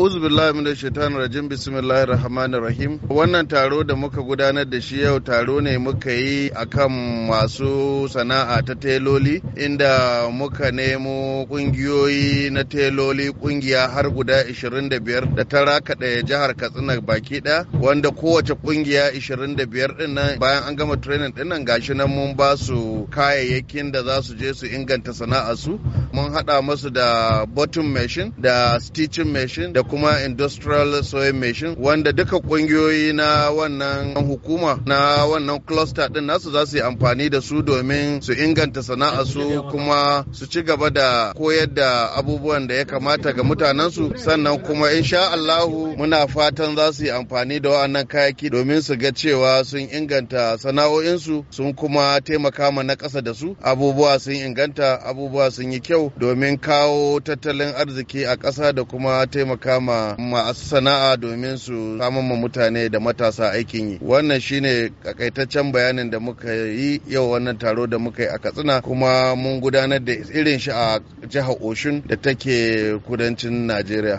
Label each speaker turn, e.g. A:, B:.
A: A'udhu billahi minash shaitani rajim bismillahir rahmanir rahim. Wannan taro da muka gudanar da shi yau taro ne muka yi akan masu sana'a ta teloli inda muka nemo kungiyoyi na teloli kungiya har guda 25 da ta da jihar Katsina baki ɗaya wanda kowace kungiya 25 din nan bayan an gama training din nan gashi nan mun ba su kayayyakin da za su je su inganta sana'a su mun haɗa masu da bottom machine da stitching machine da kuma industrial soil machine wanda duka kungiyoyi na wannan hukuma na wannan cluster din nasu za su yi amfani da su domin su inganta sana'a su kuma su ci gaba da koyar da abubuwan da ya kamata ga mutanensu sannan kuma insha Allahu muna fatan za su yi amfani da wa'annan kayaki domin su ga cewa sun inganta sana'o'insu sun kuma taimaka ma na ƙasa da su abubuwa sun inganta abubuwa sun yi kyau domin kawo tattalin arziki a ƙasa da kuma taimaka ma masu sana'a domin su samun ma mutane da matasa aikin yi wannan shine kakaitaccen bayanin da muka yi yau wannan taro da muka yi a katsina kuma mun gudanar da irin shi a jihar oshun da take kudancin najeriya